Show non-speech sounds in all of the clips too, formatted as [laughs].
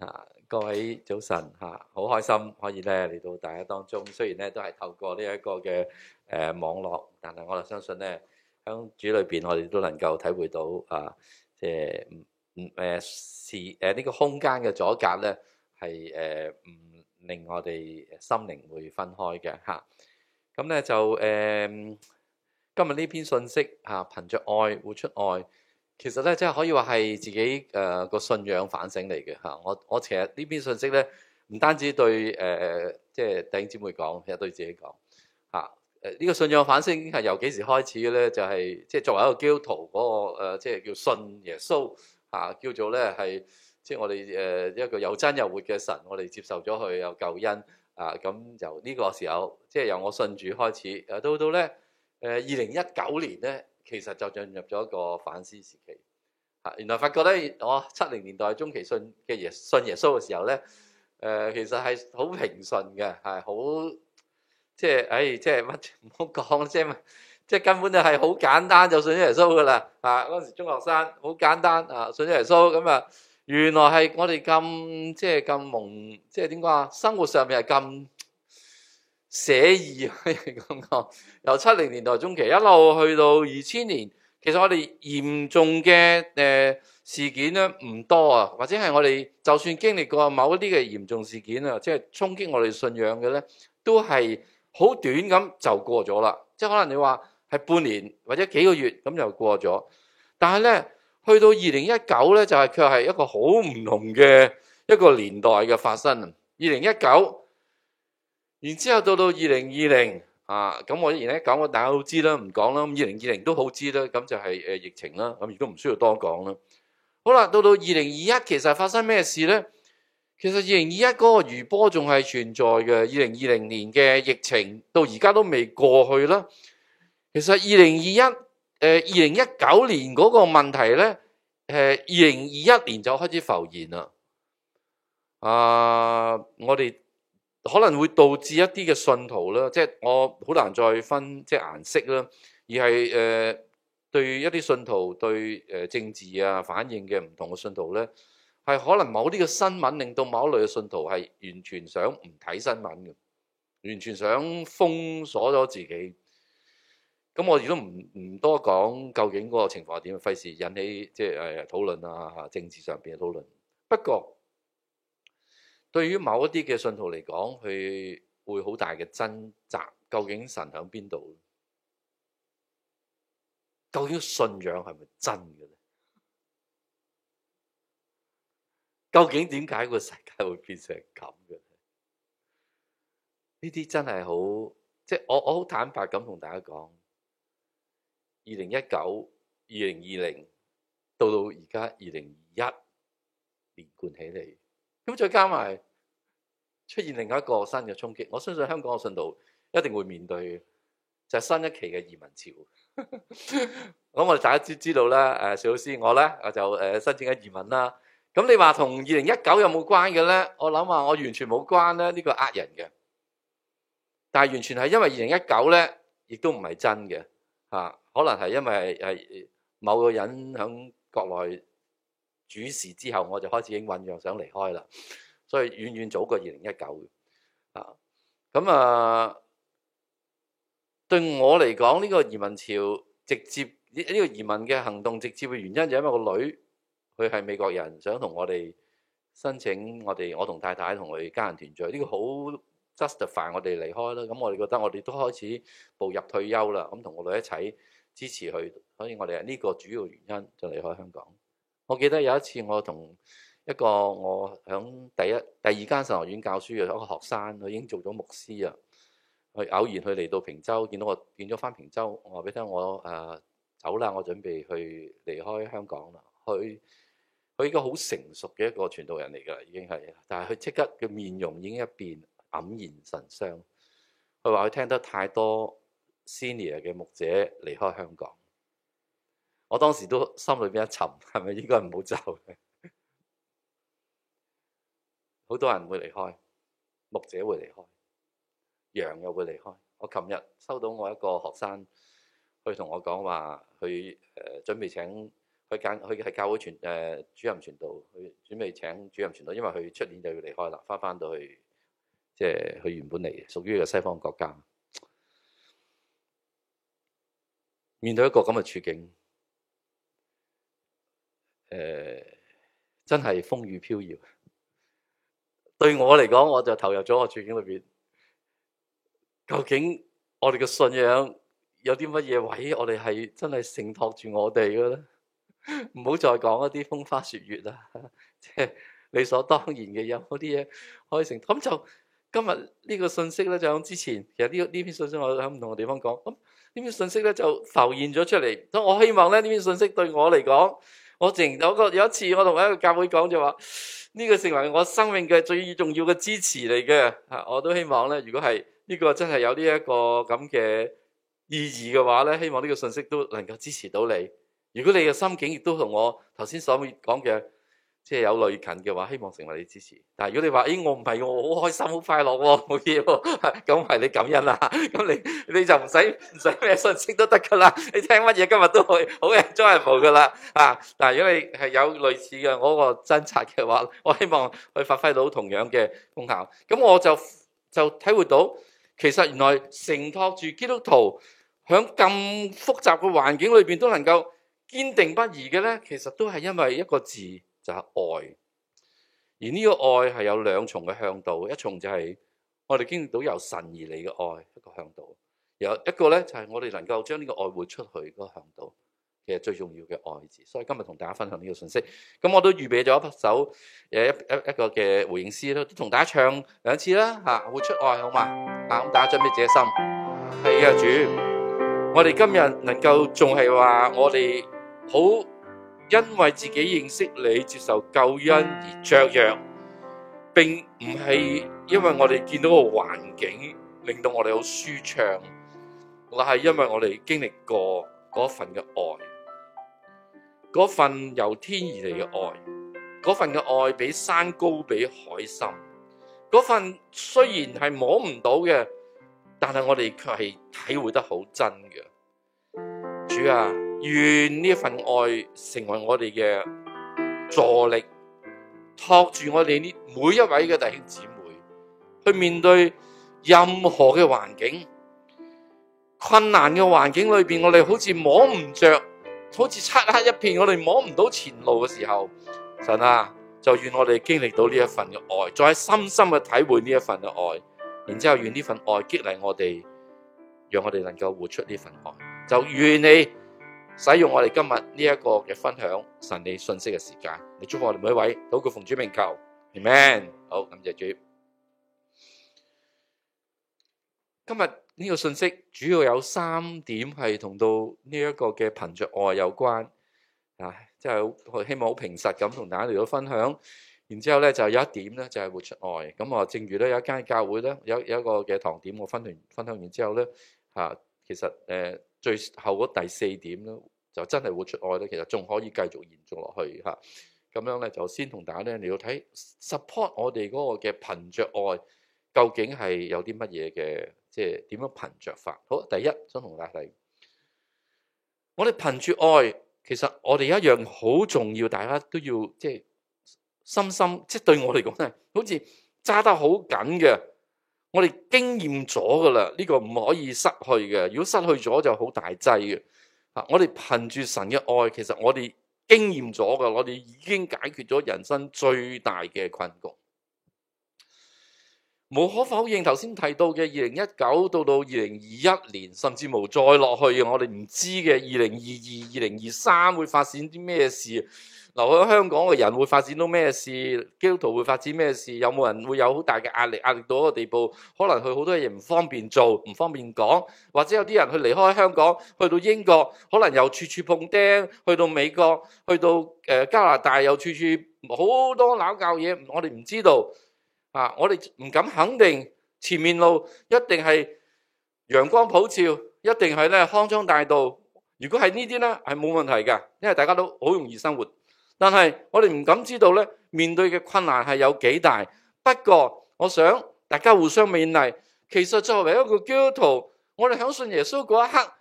啊，各位早晨吓，好開心可以咧嚟到大家當中。雖然咧都係透過呢一個嘅誒網絡，但係我就相信咧，喺主裏邊，我哋都能夠體會到啊，即係唔唔誒是誒呢個空間嘅阻隔咧，係誒唔令我哋心靈會分開嘅吓。咁咧就誒，今日呢篇信息吓，憑着愛活出愛。其實咧，即係可以話係自己誒、呃就是啊呃這個信仰反省嚟嘅嚇。我我其實呢邊信息咧，唔單止對誒，即係弟兄姊妹講，其實對自己講嚇。誒呢個信仰反省係由幾時開始嘅咧？就係即係作為一個基督徒嗰、那個即係、呃就是、叫信耶穌嚇、啊，叫做咧係即係我哋誒一個又真又活嘅神，我哋接受咗佢有救恩啊。咁由呢個時候，即、就、係、是、由我信主開始，誒、啊、到到咧誒二零一九年咧。其實就進入咗一個反思時期，嚇！原來發覺咧，我七零年代中期信嘅耶信耶穌嘅時候咧，誒其實係好平順嘅，係好即係，誒即係乜都唔好講先啊！即係根本就係好簡單就信咗耶穌噶啦，啊嗰陣時中學生好簡單啊，信咗耶穌咁啊，原來係我哋咁即係咁懵，即係點講啊？生活上面係咁。寫寫意係咁講， [laughs] 由七零年代中期一路去到二千年，其實我哋嚴重嘅誒事件咧唔多啊，或者係我哋就算經歷過某一啲嘅嚴重事件啊，即係衝擊我哋信仰嘅咧，都係好短咁就過咗啦。即係可能你話係半年或者幾個月咁就過咗，但係咧去到二零一九咧就係卻係一個好唔同嘅一個年代嘅發生。二零一九。然之後到到二零二零啊，咁我而家講我大家都知啦，唔講啦。咁二零二零都好知啦，咁就係誒疫情啦，咁亦都唔需要多講啦。好啦，到到二零二一，其實發生咩事咧？其實二零二一嗰個餘波仲係存在嘅。二零二零年嘅疫情到而家都未過去啦。其實二零二一誒二零一九年嗰個問題咧，誒二零二一年就開始浮現啦。啊，我哋。可能會導致一啲嘅信徒啦，即係我好難再分即係顏色啦，而係誒對一啲信徒對誒政治啊反應嘅唔同嘅信徒咧，係可能某啲嘅新聞令到某類嘅信徒係完全想唔睇新聞嘅，完全想封鎖咗自己。咁我亦都唔唔多講究竟嗰個情況係點，費事引起即係誒討論啊，政治上邊嘅討論。不過，對於某一啲嘅信徒嚟講，佢會好大嘅掙扎。究竟神響邊度？究竟信仰係咪真嘅咧？究竟點解個世界會變成咁嘅咧？呢啲真係好，即、就是、我我好坦白咁同大家講：二零一九、二零二零到到而家二零二一連貫起嚟。咁再加埋出現另一個新嘅衝擊，我相信香港嘅信徒一定會面對就係新一期嘅移民潮。咁 [laughs] 我哋大家知知道啦。誒，小老師，我咧我就誒申請咗移民啦。咁你話同二零一九有冇關嘅咧？我諗話，我完全冇關咧。呢個呃人嘅，但係完全係因為二零一九咧，亦都唔係真嘅。吓、啊，可能係因為係某個人響國內。主事之後，我就開始已經醞釀想離開啦，所以遠遠早過二零一九啊。咁啊，對我嚟講，呢個移民潮直接，呢個移民嘅行動直接嘅原因就因為個女佢係美國人，想同我哋申請我，我哋我同太太同佢家人團聚，呢個好 justify 我哋離開啦。咁我哋覺得我哋都開始步入退休啦，咁同個女一齊支持佢，所以我哋係呢個主要原因就離開香港。我記得有一次，我同一個我響第一、第二間神學院教書嘅一個學生，佢已經做咗牧師啊。佢偶然佢嚟到坪洲，見到我，見咗返坪洲。我話俾你聽，我誒、啊、走啦，我準備去離開香港啦。佢佢已經好成熟嘅一個傳道人嚟㗎啦，已經係。但係佢即刻嘅面容已經一變，黯然神傷。佢話佢聽得太多 senior 嘅牧者離開香港。我當時都心裏邊一沉，係咪應該唔好走？好 [laughs] 多人會離開，牧者會離開，羊又會離開。我琴日收到我一個學生，佢同我講話，佢誒準備請佢間佢係教會全誒、呃、主任傳道，佢準備請主任傳道，因為佢出年就要離開啦，翻翻到去即係佢原本嚟屬於一個西方國家，面對一個咁嘅處境。誒、呃，真係風雨飄搖。對我嚟講，我就投入咗我處境裏邊。究竟我哋嘅信仰有啲乜嘢位？我哋係真係承托住我哋嘅咧。唔 [laughs] 好再講一啲風花雪月喇，即 [laughs] 係理所當然嘅有嗰啲嘢可以承托。咁就今日呢個信息咧，就喺之前其實呢呢篇信息我喺唔同嘅地方講。咁呢篇信息咧就浮現咗出嚟，所以我希望咧呢篇信息對我嚟講。我淨有個有一次，我同我一個教會講就話，呢個成為我生命嘅最重要嘅支持嚟嘅吓，我都希望咧，如果係呢個真係有呢一個咁嘅意義嘅話咧，希望呢個信息都能夠支持到你。如果你嘅心境亦都同我頭先所講嘅。即係有類近嘅話，希望成為你支持。但係如果你話，咦、哎，我唔係，我好開心，好快樂，冇嘢喎。咁係 [laughs] 你感恩啦。咁你你就唔使唔使咩信息都得噶啦。你聽乜嘢今日都可以好人助人冇噶啦。啊，但係，如果你係有類似嘅嗰個掙扎嘅話，我希望去發揮到同樣嘅功效。咁我就就體會到，其實原來承托住基督徒響咁複雜嘅環境裏邊都能夠堅定不移嘅咧，其實都係因為一個字。就係愛，而呢個愛係有兩重嘅向度，一重就係我哋經歷到由神而嚟嘅愛一個向度，有一個咧就係我哋能夠將呢個愛活出去嗰個向度，其實最重要嘅愛字，所以今日同大家分享呢個信息。咁我都預備咗一首，誒一一個嘅回應詩咯，同大家唱兩次啦吓，活出愛好嘛？啊咁大家準備自己心，係啊主，我哋今日能夠仲係話我哋好。因為自己認識你，接受救恩而雀躍，並唔係因為我哋見到個環境令到我哋好舒暢，而係因為我哋經歷過嗰份嘅愛，嗰份由天而嚟嘅愛，嗰份嘅愛比山高比海深，嗰份雖然係摸唔到嘅，但係我哋卻係體會得好真嘅，主啊。願呢份愛成為我哋嘅助力，托住我哋每一位嘅弟兄姊妹去面對任何嘅環境，困難嘅環境裏邊，我哋好似摸唔着，好似漆黑一片，我哋摸唔到前路嘅時候，神啊，就願我哋經歷到呢一份嘅愛，再深深嘅體會呢一份嘅愛，然之後願呢份愛激勵我哋，讓我哋能夠活出呢份愛。就願你。使用我哋今日呢一個嘅分享神理信息嘅時間，嚟祝福我哋每一位，禱告奉主名求，amen。好，感謝主。今日呢個信息主要有三點係同到呢一個嘅憑着愛有關，嗱，啊，即係希望好平實咁同大家嚟到分享。然之後咧就有一點咧就係活出愛。咁啊，正如咧有一間教會咧有有一個嘅堂點，我分完分享完之後咧吓，啊，其實誒最後嗰第四點咧。就真係活出愛咧，其實仲可以繼續延續落去吓。咁樣咧就先同大家咧你要睇 support 我哋嗰個嘅憑著愛，究竟係有啲乜嘢嘅？即係點樣憑著法？好，第一想同大家睇。 [noise] [noise] 我哋憑著愛，其實我哋一樣好重要，大家都要即係、就是、深深。即、就、係、是、對我嚟講咧，好似揸得好緊嘅，我哋經驗咗噶啦，呢、這個唔可以失去嘅。如果失去咗就好大劑嘅。我哋憑住神嘅愛，其實我哋經驗咗㗎，我哋已經解決咗人生最大嘅困局。無可否認，頭先提到嘅二零一九到到二零二一年，甚至無再落去，我哋唔知嘅二零二二、二零二三會發生啲咩事。留喺香港嘅人會發展到咩事？基督徒會發展咩事？有冇人會有好大嘅壓力？壓力到一個地步，可能佢好多嘢唔方便做，唔方便講，或者有啲人去離開香港，去到英國，可能又處處碰釘；去到美國，去到誒加拿大，又處處好多鬧鬧嘢。我哋唔知道啊！我哋唔敢肯定前面路一定係陽光普照，一定係咧康莊大道。如果係呢啲咧，係冇問題㗎，因為大家都好容易生活。但係我哋唔敢知道面對嘅困難係有幾大。不過我想大家互相勉勵。其實作為一個基督徒，我哋相信耶穌嗰一刻，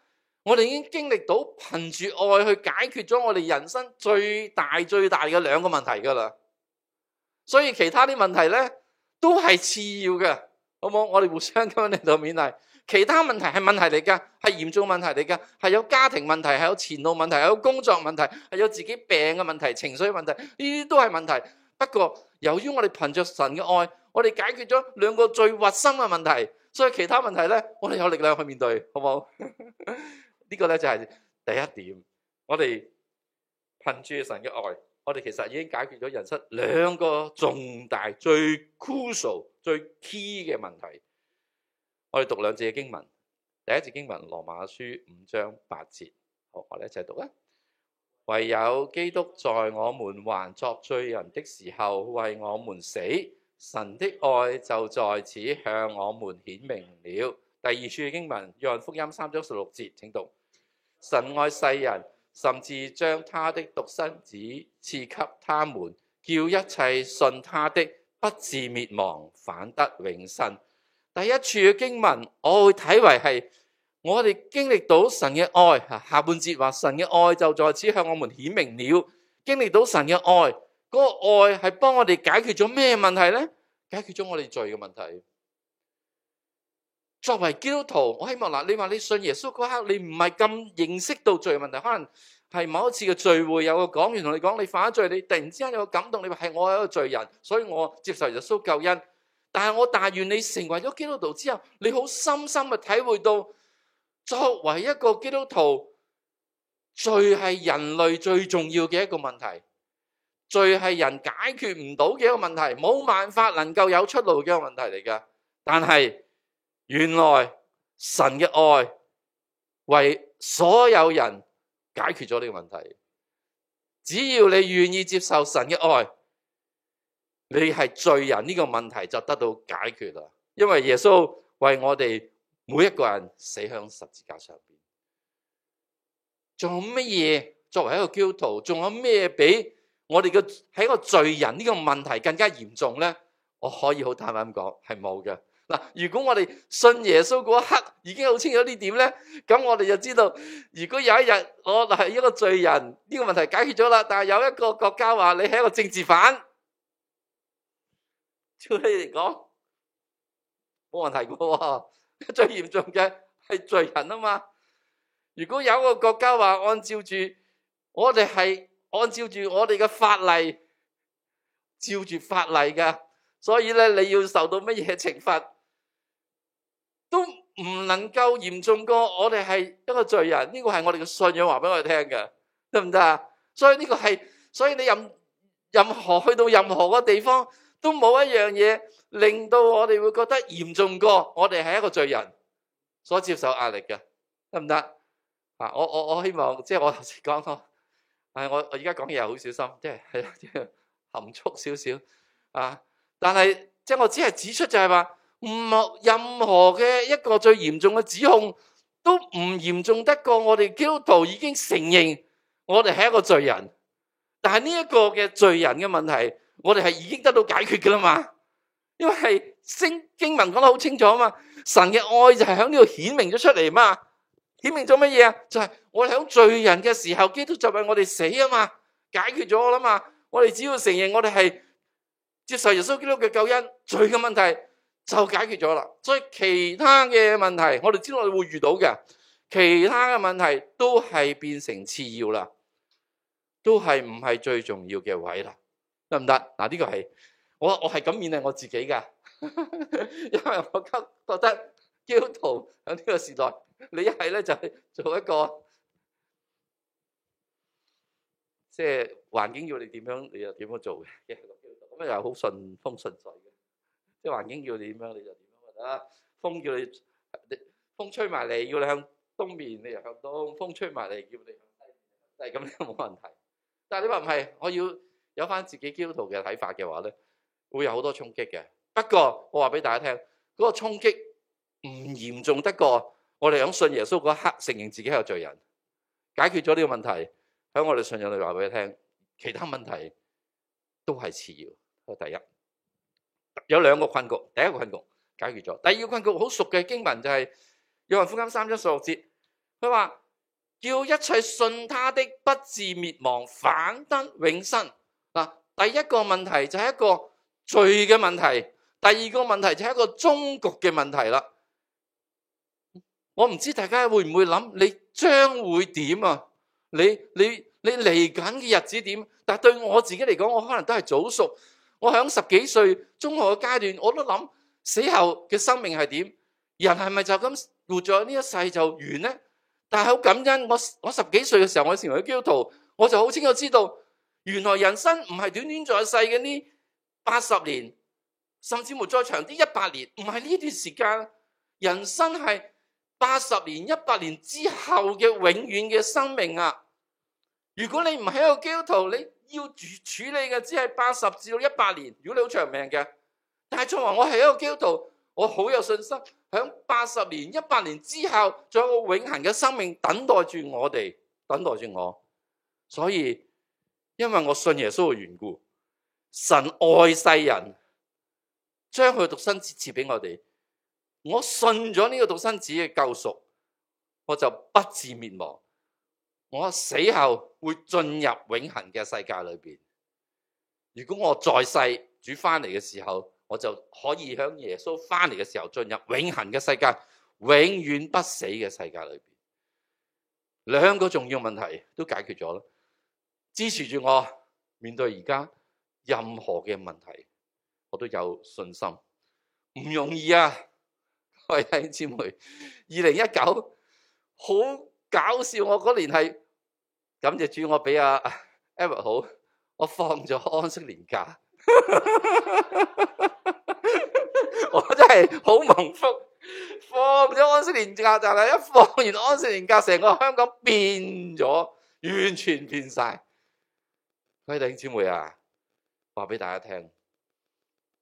我哋已經經歷到憑住愛去解決咗我哋人生最大最大嘅兩個問題㗎喇。所以其他啲問題呢，都係次要嘅，好冇？我哋互相咁樣嚟到勉勵。其他問題係問題嚟噶，係嚴重問題嚟噶，係有家庭問題，係有前路問題，係有工作問題，係有自己病嘅問題、情緒問題，呢啲都係問題。不過由於我哋憑着神嘅愛，我哋解決咗兩個最核心嘅問題，所以其他問題咧，我哋有力量去面對，好唔好？呢 [laughs] 個咧就係第一點。我哋憑住神嘅愛，我哋其實已經解決咗人生兩個重大、最 crucial、最 key 嘅問題。我哋讀兩節嘅經文，第一節經文《羅馬書》五章八節，好，我哋一齊讀啦。唯有基督在我們還作罪人的時候為我們死，神的愛就在此向我們顯明了。第二處經文《約翰福音》三章十六節，請讀：神愛世人，甚至將他的獨生子賜給他們，叫一切信他的不至滅亡，反得永生。第一處嘅經文，我會睇為係我哋經歷到神嘅愛。下半節話神嘅愛就在此向我們顯明了。經歷到神嘅愛，嗰個愛係幫我哋解決咗咩問題呢？解決咗我哋罪嘅問題。作為基督徒，我希望你話你信耶穌嗰刻，你唔係咁認識到罪嘅問題，可能係某一次嘅聚會有個講員同你講，你犯咗罪，你突然之間有個感動，你話，係我係一個罪人，所以我接受耶穌救恩。但係我但願你成為咗基督徒之後，你好深深嘅體會到，作為一個基督徒，罪係人類最重要嘅一個問題，罪係人解決唔到嘅一個問題，冇辦法能夠有出路嘅一個問題嚟㗎。但係原來神嘅愛為所有人解決咗呢個問題，只要你願意接受神嘅愛。你係罪人呢個問題就得到解決啦，因為耶穌為我哋每一個人死喺十字架上面，仲有乜嘢作為一個基督徒，仲有咩比我哋嘅係一個罪人呢個問題更加嚴重呢？我可以好坦白咁講，係冇嘅。嗱，如果我哋信耶穌嗰一刻已經好清楚呢點呢？咁我哋就知道，如果有一日我係一個罪人，呢、這個問題解決咗啦，但係有一個國家話你係一個政治犯。照你嚟講，冇問題噶。最嚴重嘅係罪人啊嘛。如果有一個國家話按照住我哋係按照住我哋嘅法例，照住法例嘅，所以咧你要受到乜嘢懲罰，都唔能夠嚴重過我哋係一個罪人。呢個係我哋嘅信仰，話俾我哋聽嘅，得唔得啊？所以呢個係，所以你任任何去到任何個地方。都冇一樣嘢，令到我哋會覺得嚴重過，我哋係一個罪人所接受壓力嘅，得唔得？啊，我我我希望即係我頭先講，但係我我而家講嘢好小心，即係係啊，含蓄少少啊。但係即係我只係指出就係話，唔任何嘅一個最嚴重嘅指控都唔嚴重得過我哋基督徒已經承認我哋係一個罪人，但係呢一個嘅罪人嘅問題，我哋係已經得到解決噶啦嘛？因為係聖經經文講得好清楚啊嘛，神嘅愛就係喺呢度顯明咗出嚟嘛。顯明咗乜嘢啊？就係、是、我哋喺罪人嘅時候，基督就為我哋死啊嘛，解決咗我啦嘛。我哋只要承認我哋係接受耶穌基督嘅救恩，罪嘅問題就解決咗啦。所以其他嘅問題，我哋知道我哋會遇到嘅，其他嘅問題都係變成次要啦，都係唔係最重要嘅位啦。得唔得？嗱，呢、啊這個係我我係咁勉勵我自己噶， [laughs] 因為我覺覺得基督徒喺呢個時代，你一係咧就係做一個，即係、這個、環境要你點樣，你就點樣做嘅。咁啊又好順風順水嘅，啲環境要你點樣你就點樣得。風叫你，你風吹埋嚟要你向東面，你又向東；風吹埋嚟叫你向西，咁你冇問題。但係你話唔係，我要。有返自己基督徒嘅睇法嘅話呢，會有好多衝擊嘅。不過我話俾大家聽，嗰、那個衝擊唔嚴重得過我哋響信耶穌嗰刻承認自己係個罪人，解決咗呢個問題。響我哋信仰裏話俾佢聽，其他問題都係次要。這是第一，有兩個困局，第一個困局解決咗，第二個困局好熟嘅經文就係、是、約翰福音三章十六，節，佢話叫一切信他的不至滅亡，反得永生。嗱，第一個問題就係一個罪嘅問題，第二個問題就係一個終局嘅問題啦。我唔知大家會唔會諗，你將會點啊？你你你嚟緊嘅日子點？但係對我自己嚟講，我可能都係早熟。我響十幾歲中學嘅階段，我都諗死後嘅生命係點？人係咪就咁活咗呢一世就完呢？但係好感恩，我我十幾歲嘅時候我成為基督徒，我就好清楚知道。原來人生唔係短短在世嘅呢八十年，甚至乎再長啲一百年，唔係呢段時間。人生係八十年、一百年之後嘅永遠嘅生命啊！如果你唔係一個基督徒，你要處處理嘅只係八十至到一百年。如果你好長命嘅，但係作為我係一個基督徒，我好有信心，響八十年、一百年之後，仲有一個永恆嘅生命等待住我哋，等待住我，所以。因為我信耶穌嘅緣故，神愛世人，將佢獨生子賜俾我哋。我信咗呢個獨生子嘅救贖，我就不至滅亡。我死後會進入永恒嘅世界裏邊。如果我在世主翻嚟嘅時候，我就可以響耶穌翻嚟嘅時候進入永恒嘅世界，永遠不死嘅世界裏邊。兩個重要問題都解決咗啦。支持住我，面對而家任何嘅問題，我都有信心。唔容易啊，各位弟兄姊妹。二零一九好搞笑，我嗰年係感謝主，我俾阿 Ever 好，我放咗安息年假。 [laughs] 我真係好幸福，放咗安息年假，但係一放完安息年假，成個香港變咗，完全變晒。弟兄姊妹啊，話俾大家聽，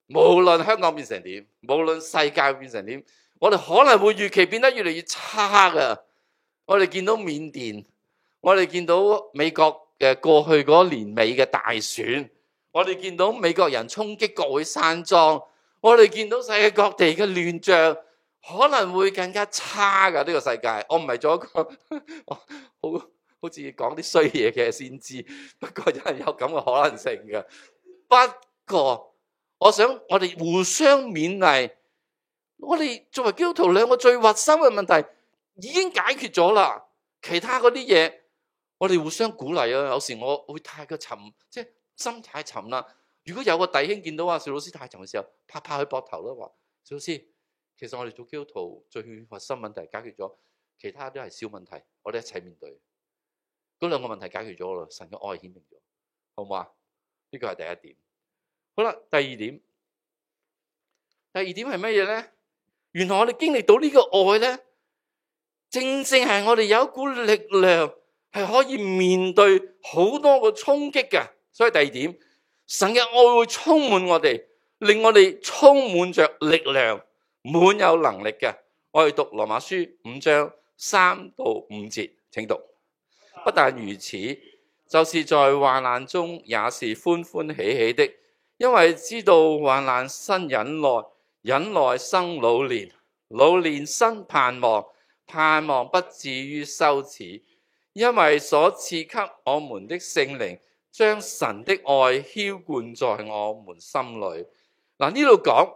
無論香港變成點，無論世界變成點，我哋可能會預期變得越嚟越差嘅。我哋見到緬甸，我哋見到美國嘅過去嗰年尾嘅大選，我哋見到美國人衝擊國會山莊，我哋見到世界各地嘅亂象，可能會更加差嘅呢個世界。我唔係做一個 [laughs] 好。好似講啲衰嘢，嘅先知，不過有係有咁嘅可能性嘅。不過我想我哋互相勉勵，我哋作為基督徒兩個最核心嘅問題已經解決咗啦。其他嗰啲嘢，我哋互相鼓勵啊。有時我會太過沉，即係心太沉啦。如果有個弟兄見到啊，邵老師太沉嘅時候，拍拍佢膊頭啦，話，小老師，其實我哋做基督徒最核心問題解決咗，其他都係小問題，我哋一齊面對。嗰兩個問題解決咗啦，神嘅愛顯明咗，好唔好啊？呢個係第一點。好啦，第二點，第二點係乜嘢咧？原來我哋經歷到呢個愛咧，正正係我哋有一股力量係可以面對好多個衝擊嘅。所以第二點，神嘅愛會充滿我哋，令我哋充滿着力量，滿有能力嘅。我哋讀羅馬書五章三到五節，請讀。不但如此，就是在患難中也是歡歡喜喜的，因為知道患難生忍耐，忍耐生老練，老練生盼望，盼望不至於羞恥，因為所賜給我們的聖靈將神的愛澆灌在我們心裏。嗱，呢度講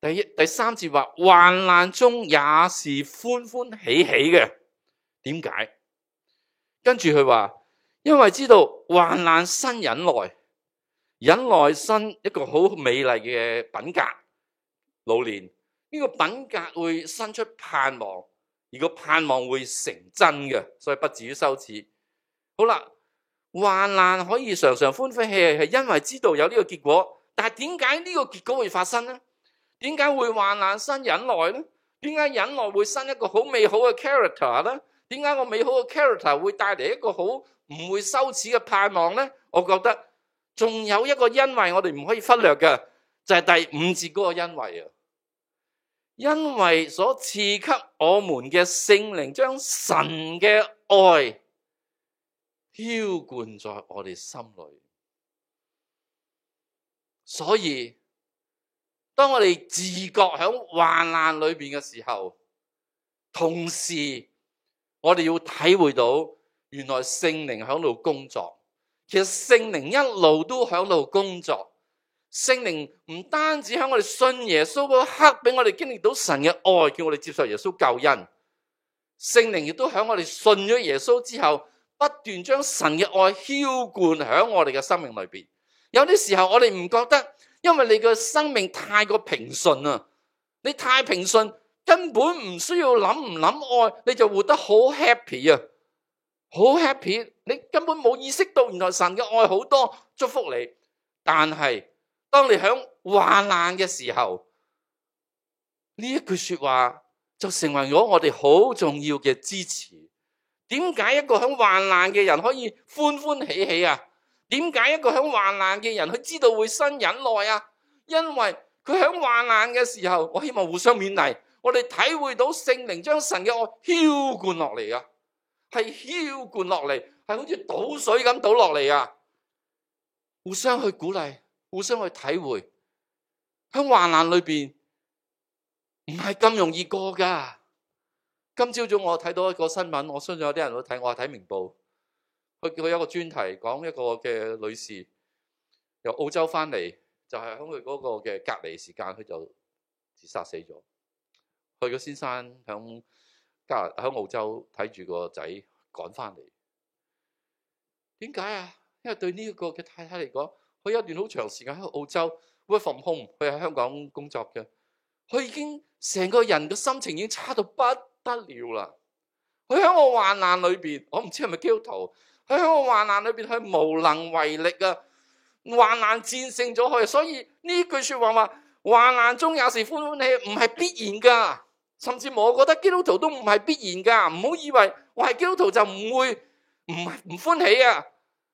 第一、第三節話，患難中也是歡歡喜喜嘅，點解？跟住佢話，因為知道患難生忍耐，忍耐生一個好美麗嘅品格。老年呢個品格會生出盼望，而個盼望會成真嘅，所以不至於羞恥。好啦，患難可以常常歡歡喜喜，係因為知道有呢個結果。但係點解呢個結果會發生呢？點解會患難生忍耐呢？點解忍耐會生一個好美好嘅 character 呢？點解我美好嘅 character 會帶嚟一個好唔會羞恥嘅盼望呢？我覺得仲有一個因為，我哋唔可以忽略嘅，就係、是、第五節嗰個因為啊，因為所賜給我們嘅聖靈，將神嘅愛澆灌在我哋心裏，所以當我哋自覺喺患難裏面嘅時候，同時。我哋要體會到，原來聖靈喺度工作。其實聖靈一路都喺度工作。聖靈唔單止喺我哋信耶穌嗰刻，俾我哋經歷到神嘅愛，叫我哋接受耶穌救恩。聖靈亦都喺我哋信咗耶穌之後，不斷將神嘅愛澆灌喺我哋嘅生命裏面。有啲時候我哋唔覺得，因為你嘅生命太過平順喇，你太平順。根本唔需要諗唔諗愛，你就活得好 happy 啊，好 happy！你根本冇意識到，原來神嘅愛好多祝福你。但係當你響患難嘅時候，呢一句說話就成為咗我哋好重要嘅支持。點解一個響患難嘅人可以歡歡喜喜啊？點解一個響患難嘅人佢知道會生忍耐啊？因為佢響患難嘅時候，我希望互相勉勵。我哋體會到聖靈將神嘅愛澆灌落嚟啊，係澆灌落嚟，係好似倒水咁倒落嚟啊！互相去鼓勵，互相去體會。喺患難裏邊，唔係咁容易過噶。今朝早我睇到一個新聞，我相信有啲人都睇，我係睇明報。佢佢有一個專題講一個嘅女士由澳洲翻嚟，就係喺佢嗰個嘅隔離時間，佢就自殺死咗。去個先生響加拿大喺澳洲睇住個仔趕翻嚟，點解啊？因為對呢一個嘅太太嚟講，佢有一段好長時間喺澳洲，佢服空，佢喺香港工作嘅，佢已經成個人嘅心情已經差到不得了啦。佢喺我患難裏邊，我唔知係咪饑餓，佢喺我患難裏邊係無能為力啊！患難戰勝咗佢，所以呢句説話話患難中也是歡喜，唔係必然㗎。甚至我覺得基督徒都唔係必然噶，唔好以為我係基督徒就唔會唔唔歡喜啊！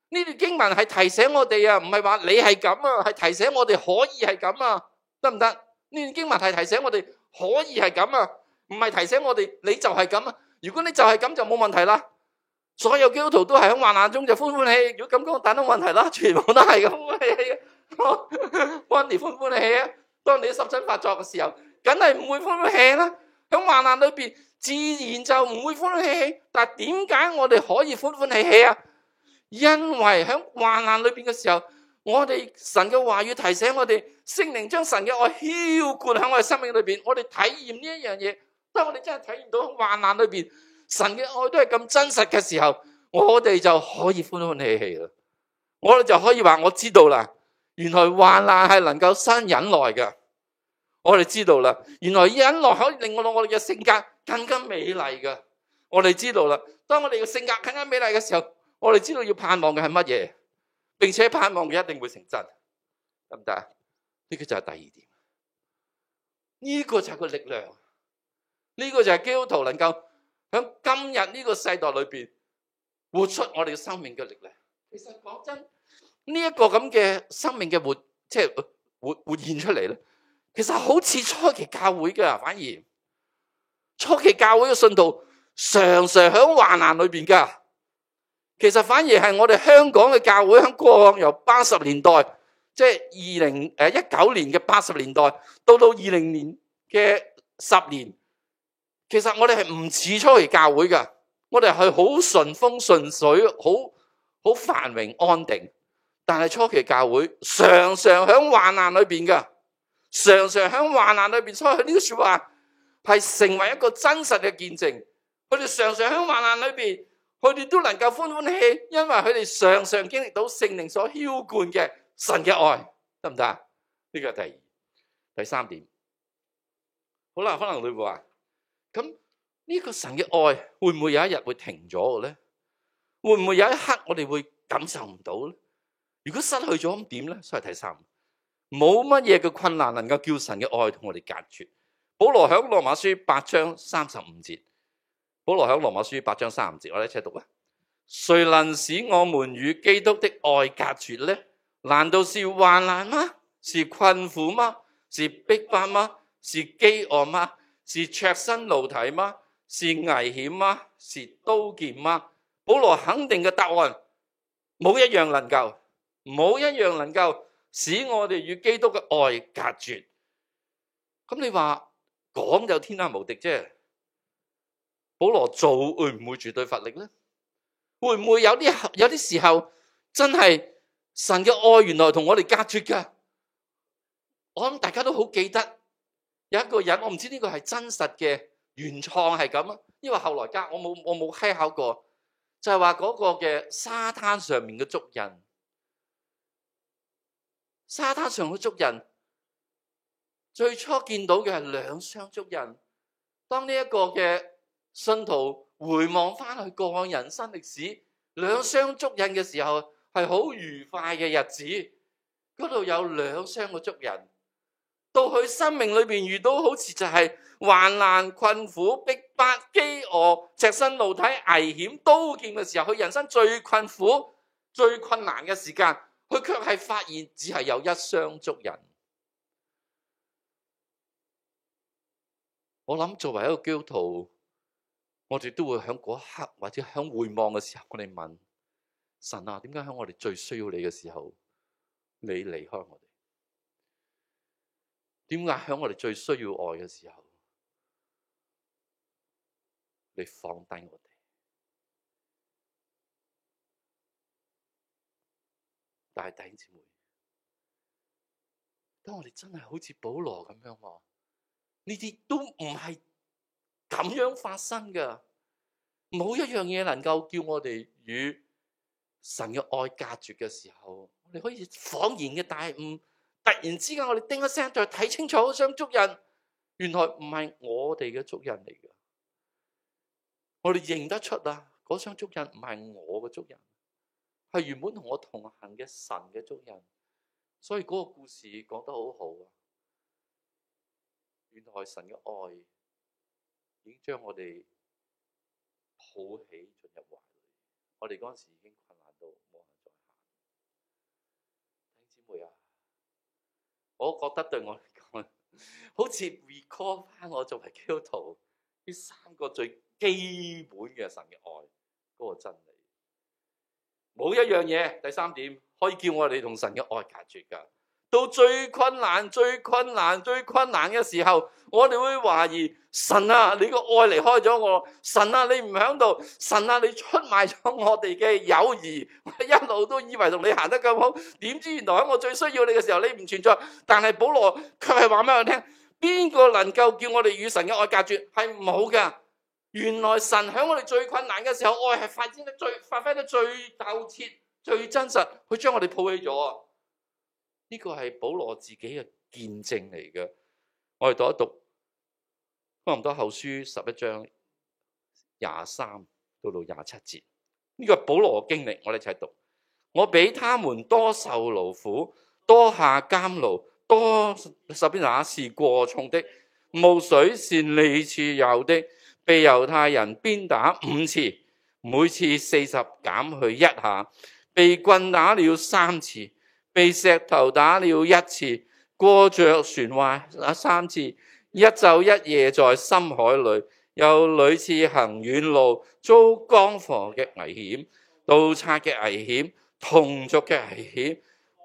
呢段經文係提醒我哋啊，唔係話你係咁啊，係提醒我哋可以係咁啊，得唔得？呢段經文係提醒我哋可以係咁啊，唔係提醒我哋你就係咁啊。如果你就係咁就冇問題啦。所有基督徒都係喺患難中就歡歡喜，如果咁講，但都冇問題啦，全部都係咁歡歡喜。當你歡歡喜啊，當你濕疹發作嘅時候，梗係唔會歡歡喜啦。響患難裏邊，自然就唔會歡歡喜喜。但係點解我哋可以歡歡喜喜啊？因為響患難裏邊嘅時候，我哋神嘅話語提醒我哋，聖靈將神嘅愛澆灌喺我哋生命裏邊，我哋體驗呢一樣嘢。當我哋真係體驗到患難裏邊神嘅愛都係咁真實嘅時候，我哋就可以歡歡喜喜啦。我哋就可以話，我知道啦，原來患難係能夠生忍耐㗎。我哋知道啦，原來忍耐可以令我哋我哋嘅性格更加美麗嘅。我哋知道啦，當我哋嘅性格更加美麗嘅時候，我哋知道要盼望嘅係乜嘢，並且盼望佢一定會成真，得唔得啊？呢、這個就係第二點，呢、這個就係個力量，呢、這個就係基督徒能夠響今日呢個世代裏邊活出我哋嘅生命嘅力量。其實講真，呢一個咁嘅生命嘅活，即係活活現出嚟咧。其實好似初期教會嘅，反而初期教會嘅信徒常常響患難裏面噶。其實反而係我哋香港嘅教會響過往由八十年代，即係二零一九年嘅八十年代，到到二零年嘅十年。其實我哋係唔似初期教會嘅，我哋係好順風順水，好好繁榮安定。但係初期教會常常響患難裏面噶。常常喺患難裏邊，所以呢個說話係成為一個真實嘅見證。佢哋常常喺患難裏邊，佢哋都能夠歡歡喜，因為佢哋常常經歷到聖靈所澆灌嘅神嘅愛，得唔得啊？呢個係第二、第三點。好啦，可能你會話：咁呢個神嘅愛會唔會有一日會停咗嘅咧？會唔會有一刻我哋會感受唔到咧？如果失去咗咁點咧？所以第三。冇乜嘢嘅困難能夠叫神嘅愛同我哋隔絕。保羅響羅馬書八章三十五節，保羅響羅馬書八章三十五節，我哋一齊讀啊！誰能使我們與基督的愛隔絕呢？難道是患難嗎？是困苦嗎？是逼迫嗎？是飢餓嗎？是赤身露體嗎？是危險嗎？是刀劍嗎？保羅肯定嘅答案，冇一樣能夠，冇一樣能夠。使我哋與基督嘅愛隔絕，咁你話講就天下無敵啫。保羅做會唔會絕對乏力咧？會唔會有啲有啲時候真係神嘅愛原來同我哋隔絕嘅？我諗大家都好記得，有一個人我唔知呢個係真實嘅原創係咁啊，因為後來隔我冇我冇考過，就係話嗰個嘅沙灘上面嘅足印。沙灘上的足印，最初見到嘅係兩雙足印。當呢一個嘅信徒回望翻去過往人生歷史，兩雙足印嘅時候，係好愉快嘅日子。嗰度有兩雙嘅足印，到佢生命裏邊遇到好似就係患難、困苦、逼迫、飢餓、赤身露體、危險、刀劍嘅時候，佢人生最困苦、最困難嘅時間。佢卻係發現，只係有一雙足印。我諗，作為一個基督徒，我哋都會響嗰一刻，或者響回望嘅時候，我哋問神啊：點解響我哋最需要你嘅時候，你離開我哋？點解響我哋最需要愛嘅時候，你放低我哋？但係弟兄姊妹，當我哋真係好似保羅咁樣話，呢啲都唔係咁樣發生嘅。冇一樣嘢能夠叫我哋與神嘅愛隔絕嘅時候，我哋可以恍然嘅大悟：突然之間，我哋叮一聲，再睇清楚，嗰雙足印，原來唔係我哋嘅足印嚟嘅。我哋認得出啦，嗰雙足印唔係我嘅足印。係原本同我同行嘅神嘅足印，所以個故事講得好好啊！原來神嘅愛已經將我哋抱起進入懷裏，我哋嗰時已經困難到冇人再行。弟兄姊妹啊，我覺得對我嚟講， [laughs] 好似 recall 翻，我作為基督徒呢三個最基本嘅神嘅愛嗰、嗰個真理。冇一樣嘢，第三點可以叫我哋同神嘅愛隔絕噶。到最困難、最困難、最困難嘅時候，我哋會懷疑神啊，你個愛離開咗我。神啊，你唔響度。神啊，你出賣咗我哋嘅友誼。我一路都以為同你行得咁好，點知原來喺我最需要你嘅時候，你唔存在。但係保羅卻係話畀我聽，邊個能夠叫我哋與神嘅愛隔絕？係唔好嘅。原來神喺我哋最困難嘅時候，愛係發展得最發揮得最透徹、最真實，佢將我哋抱起咗啊！呢、這個係保羅自己嘅見證嚟嘅。我哋讀一讀，差唔多後書十一章廿三到到廿七節。呢、這個是保羅的經歷，我哋一齊讀。我比他們多受勞苦，多下監牢，多受鞭打是過重的，冒死是屢次有的。被猶太人鞭打五次，每次四十減去一下；被棍打了三次，被石頭打了一次，過着船壞打三次，一晝一夜在深海裏，又屢次行遠路，遭江河嘅危險、盜賊嘅危險、同族嘅危險、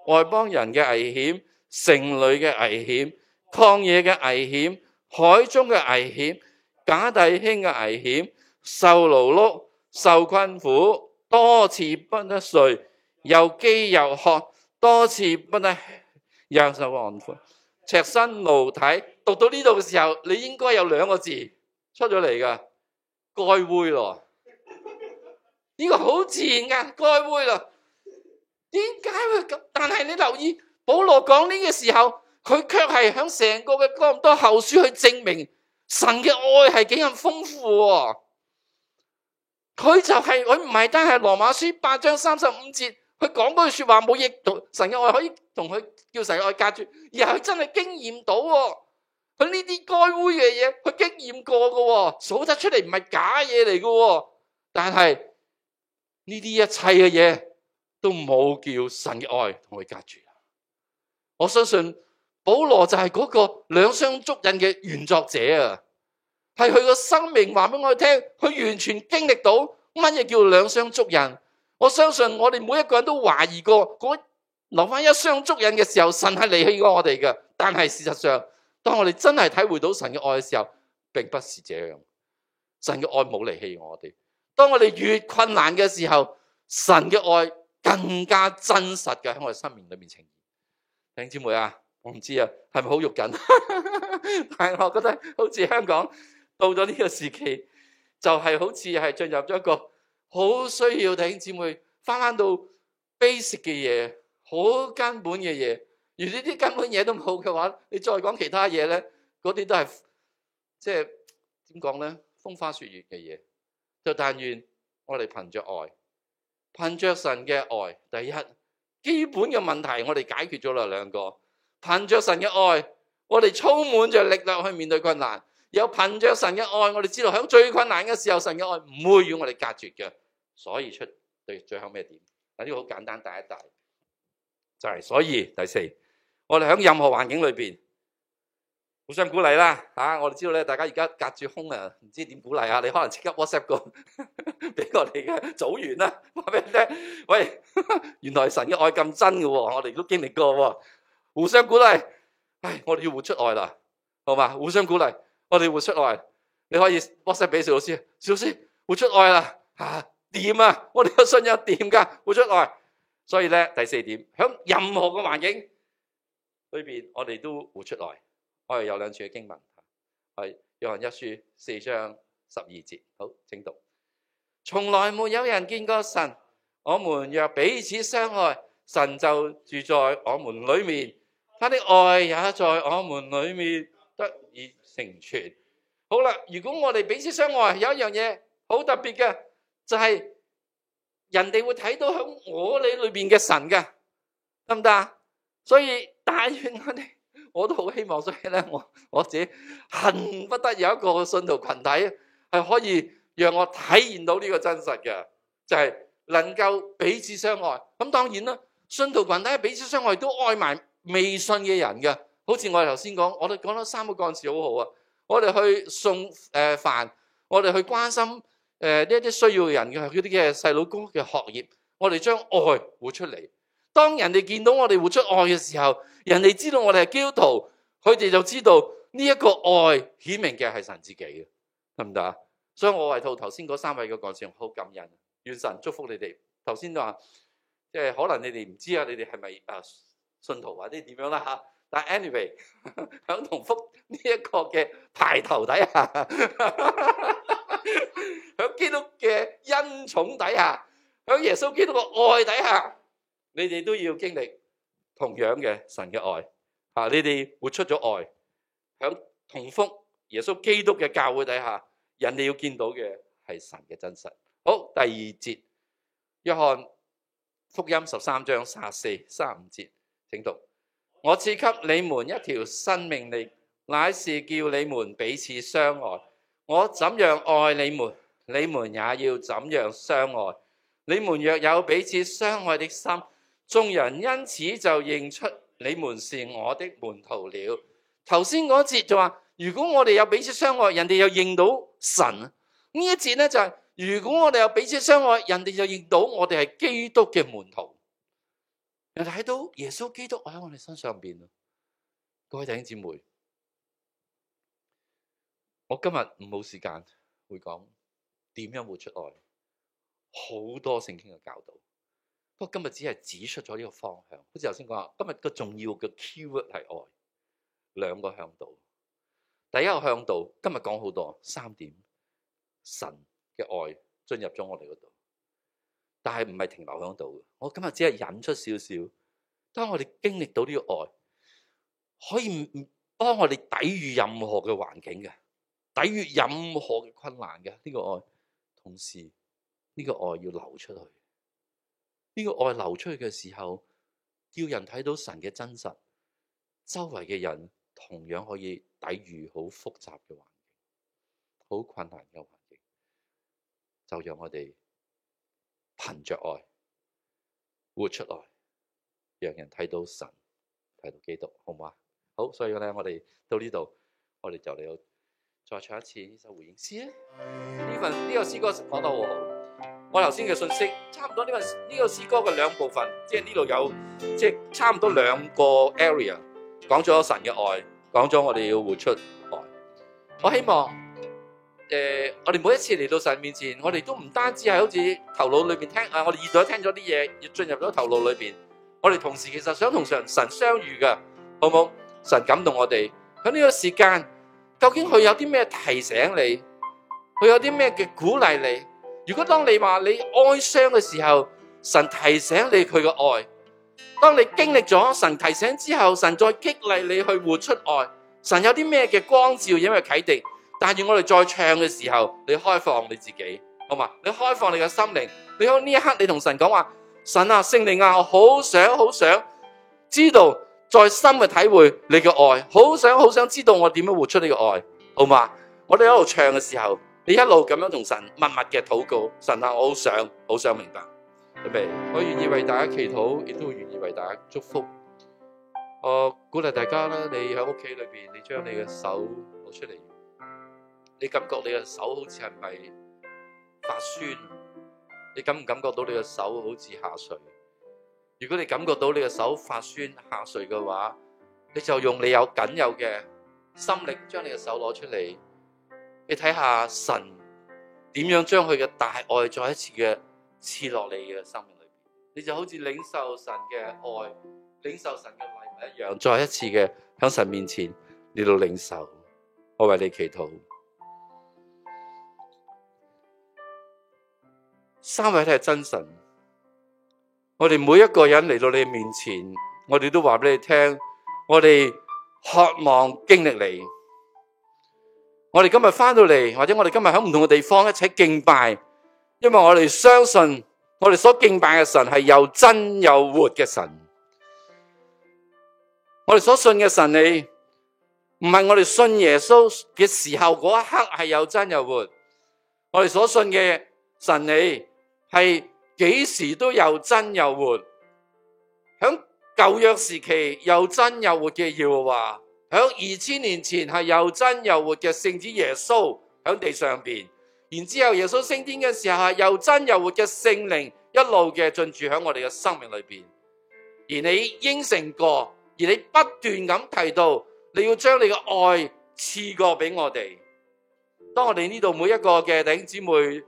外邦人嘅危險、城裏嘅危險、曠野嘅危險、海中嘅危險，假弟兄嘅危險，受勞碌，受困苦，多次不得睡，又飢又渴，多次不得忍受患苦，赤身露體。讀到呢度嘅時候，你應該有兩個字出咗嚟噶，該會咯。呢、這個好自然噶，該會啦。點解會咁？但係你留意，保羅講呢個時候，佢卻係響成個嘅哥林多後書去證明。神嘅愛係幾咁豐富、哦，佢就係佢唔係單係羅馬書八章三十五節佢講嗰句說話，冇益到神嘅愛可以同佢叫神愛隔住，而係佢真係經驗到佢呢啲該污嘅嘢，佢經驗過噶、哦，數得出嚟唔係假嘢嚟噶。但係呢啲一切嘅嘢都冇叫神嘅愛同佢隔住啊！我相信。保羅就係嗰個兩雙足印嘅原作者啊，係佢個生命話俾我哋聽，佢完全經歷到乜嘢叫兩雙足印。我相信我哋每一個人都懷疑過，我留翻一雙足印嘅時候，神係離棄過我哋嘅。但係事實上，當我哋真係體會到神嘅愛嘅時候，並不是這樣。神嘅愛冇離棄我哋。當我哋越困難嘅時候，神嘅愛更加真實嘅喺我哋生命裏面呈現。弟兄姊妹啊！我唔知啊，係咪好肉緊？ [laughs] 但係我覺得好似香港到咗呢個時期，就係、是、好似係進入咗一個好需要弟兄姊妹翻翻到 basic 嘅嘢，好根本嘅嘢。而呢啲根本嘢都冇嘅話，你再講其他嘢咧，嗰啲都係即係點講咧？風花雪月嘅嘢，就但願我哋憑着愛，憑着神嘅愛，第一基本嘅問題我哋解決咗啦，兩個。憑着神嘅愛，我哋充滿着力量去面對困難。有憑着神嘅愛，我哋知道響最困難嘅時候，神嘅愛唔會與我哋隔絕嘅。所以出對最後咩點？嗱，呢個好簡單，第一大就係所以第四，我哋響任何環境裏邊互相鼓勵啦。吓、啊，我哋知道咧，大家而家隔住空啊，唔知點鼓勵啊？你可能即刻 WhatsApp 過俾 [laughs] 我哋嘅組員啦，話俾你聽。喂， [laughs] 原來神嘅愛咁真嘅，我哋都經歷過。互相鼓勵，唉，我哋要活出愛啦，好嘛？互相鼓勵，我哋要活出愛。你可以 WhatsApp 俾小老師，小老師活出愛啦，吓，點啊！我哋個信仰點㗎，活出愛。所以咧，第四點，響任何嘅環境裏邊，我哋都活出愛。我哋有兩處嘅經文，係約翰一書四章十二節。好，請讀。從來沒有人見過神，我們若彼此相愛，神就住在我們裏面。他的愛也在我們裏面得以成全。好啦，如果我哋彼此相愛，有一樣嘢好特別嘅，就係、是、人哋會睇到響我哋裏邊嘅神嘅，得唔得啊？所以但願我哋，我都好希望，所以咧，我我自己恨不得有一個信徒群體係可以讓我體驗到呢個真實嘅，就係、是、能夠彼此相愛。咁當然啦，信徒群體彼此相愛都愛埋，未信嘅人嘅，好似我哋頭先講，我哋講咗三個幹事好好啊！我哋去送誒飯，我哋去關心誒一啲需要嘅人嘅，佢哋嘅細老公嘅學業，我哋將愛活出嚟。當人哋見到我哋活出愛嘅時候，人哋知道我哋係基督徒，佢哋就知道呢一個愛顯明嘅係神自己嘅，得唔得啊？所以我為到頭先嗰三位嘅幹事好感恩，願神祝福你哋。頭先都話，即係，呃，可能你哋唔知啊，你哋係咪啊？信徒或者點樣啦吓，但 anyway，響同福呢一個嘅牌頭底下，響 [laughs] 基督嘅恩寵底下，響耶穌基督嘅愛底下，你哋都要經歷同樣嘅神嘅愛。吓，你哋活出咗愛，響同福耶穌基督嘅教會底下，人哋要見到嘅係神嘅真實。好，第二節，約翰福音十三章三十四、三十五節。請讀，我賜給你們一條新命令，乃是叫你們彼此相愛。我怎樣愛你們，你們也要怎樣相愛。你們若有彼此相愛的心，眾人因此就認出你們是我的門徒了。頭先嗰節就話，如果我哋有彼此相愛，人哋又認到神。呢一節咧就係、是，如果我哋有彼此相愛，人哋就認到我哋係基督嘅門徒。人睇到耶穌基督愛喺我哋身上邊咯，各位弟兄姊妹，我今日唔冇時間會講點樣活出愛，好多聖經嘅教導，不過今日只係指出咗呢個方向，好似頭先講話，今日個重要嘅 keyword 係愛，兩個向度，第一個向度今日講好多三點，神嘅愛進入咗我哋嗰度。但係唔係停留喺度嘅，我今日只係引出少少。當我哋經歷到呢個愛，可以唔幫我哋抵御任何嘅環境嘅，抵御任何嘅困難嘅呢個愛。同時呢個愛要流出去，呢個愛流出去嘅時候，叫人睇到神嘅真實，周圍嘅人同樣可以抵御好複雜嘅環境，好困難嘅環境，就讓我哋。憑着愛活出愛，讓人睇到神，睇到基督，好唔好啊？好，所以咧，我哋到呢度，我哋就嚟要再唱一次呢首回應詩啊，呢 [music] 份呢個詩歌講得好好。我頭先嘅信息差唔多，呢份呢個詩歌嘅兩部分，即係呢度有即係差唔多兩個 area，講咗神嘅愛，講咗我哋要活出愛。我希望。誒，我哋每一次嚟到神面前，我哋都唔單止係好似頭腦裏邊聽啊，我哋耳朵聽咗啲嘢，要進入咗頭腦裏邊。我哋同時其實想同神神相遇噶，好冇？神感動我哋喺呢個時間，究竟佢有啲咩提醒你？佢有啲咩嘅鼓勵你？如果當你話你哀傷嘅時候，神提醒你佢嘅愛；當你經歷咗神提醒之後，神再激勵你去活出愛。神有啲咩嘅光照，因為啟迪。但願我哋再唱嘅時候，你開放你自己，好嗎？你開放你嘅心靈，你喺呢一刻，你同神講話：神啊，聖靈啊，我好想好想知道，再深嘅體會你嘅愛，好想好想知道我點樣活出你嘅愛，好嗎？我哋喺度唱嘅時候，你一路咁樣同神默默嘅禱告。神啊，我好想，好想明白。係咪，我願意為大家祈禱，亦都願意為大家祝福。我鼓勵大家啦，你喺屋企裏邊，你將你嘅手攞出嚟。你感覺你嘅手好似係咪發酸？你感唔感覺到你嘅手好似下垂？如果你感覺到你嘅手發酸、下垂嘅話，你就用你有僅有嘅心力，將你嘅手攞出嚟，你睇下神點樣將佢嘅大愛再一次嘅賜落你嘅生命裏邊。你就好似領受神嘅愛、領受神嘅禮物一樣，再一次嘅響神面前嚟到領受。我為你祈禱。三位都係真神，我哋每一個人嚟到你面前，我哋都話俾你聽，我哋渴望經歷你。我哋今日返到嚟，或者我哋今日喺唔同嘅地方一齊敬拜，因為我哋相信我哋所敬拜嘅神係又真又活嘅神。我哋所信嘅神你，唔係我哋信耶穌嘅時候嗰一刻係又真又活。我哋所信嘅神你。係幾時都又真又活。響舊約時期又真又活嘅要話，響二千年前係又真又活嘅聖子耶穌響地上邊，然之後耶穌升天嘅時候係又真又活嘅聖靈一路嘅進駐響我哋嘅生命裏邊，而你應承過，而你不斷咁提到你要將你嘅愛賜過俾我哋，當我哋呢度每一個嘅弟兄姊妹。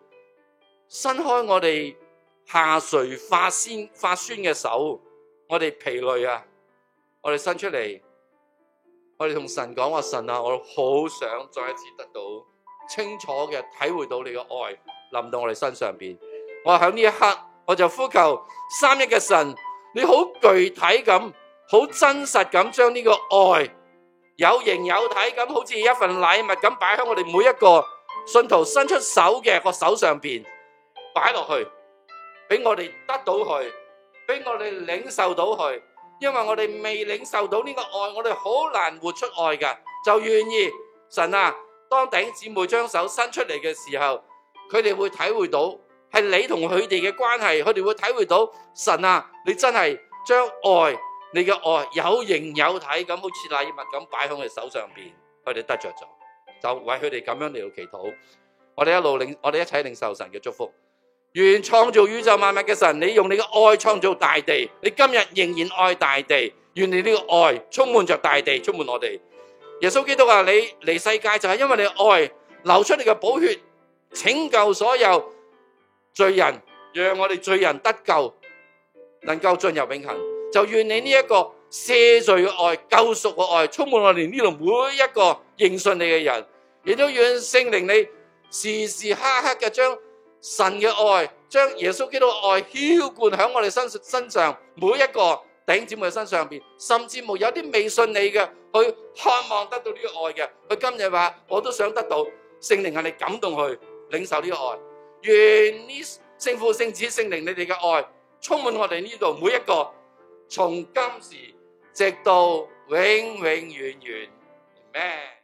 伸開我哋下垂發酸發酸嘅手，我哋疲累啊！我哋伸出嚟，我哋同神講話：神啊，我好想再一次得到清楚嘅體會到你嘅愛，臨到我哋身上邊。我喺呢一刻，我就呼求三一嘅神，你好具體咁，好真實咁，將呢個愛有形有體咁，好似一份禮物咁，擺喺我哋每一個信徒伸出手嘅個手上邊。擺落去，俾我哋得到佢，俾我哋領受到佢。因為我哋未領受到呢個愛，我哋好難活出愛㗎。就願意神啊，當弟兄姊妹將手伸出嚟嘅時候，佢哋會體會到係你同佢哋嘅關係，佢哋會體會到神啊，你真係將愛，你嘅愛有形有體咁，好似禮物咁擺喺佢手上邊，佢哋得着咗，就為佢哋咁樣嚟到祈禱。我哋一路領，我哋一齊領受神嘅祝福。願創造宇宙萬物嘅神，你用你嘅愛創造大地，你今日仍然愛大地，願你呢個愛充滿着大地，充滿我哋。耶穌基督話：你嚟世界就係因為你嘅愛流出嚟嘅寶血，拯救所有罪人，讓我哋罪人得救，能夠進入永恆。就願你呢一個赦罪嘅愛、救贖嘅愛，充滿我哋呢度每一個認信你嘅人，亦都願聖靈你時時刻刻嘅將。神嘅愛、將耶穌基督嘅愛澆灌喺我哋身身上，每一個弟兄姊妹身上邊，甚至有啲未信你嘅，去渴望得到呢個愛嘅，佢今日話我都想得到聖靈啊，你感動去領受呢個愛，願呢聖父、聖子、聖靈你哋嘅愛充滿我哋呢度每一個，從今時直到永永遠遠。amen。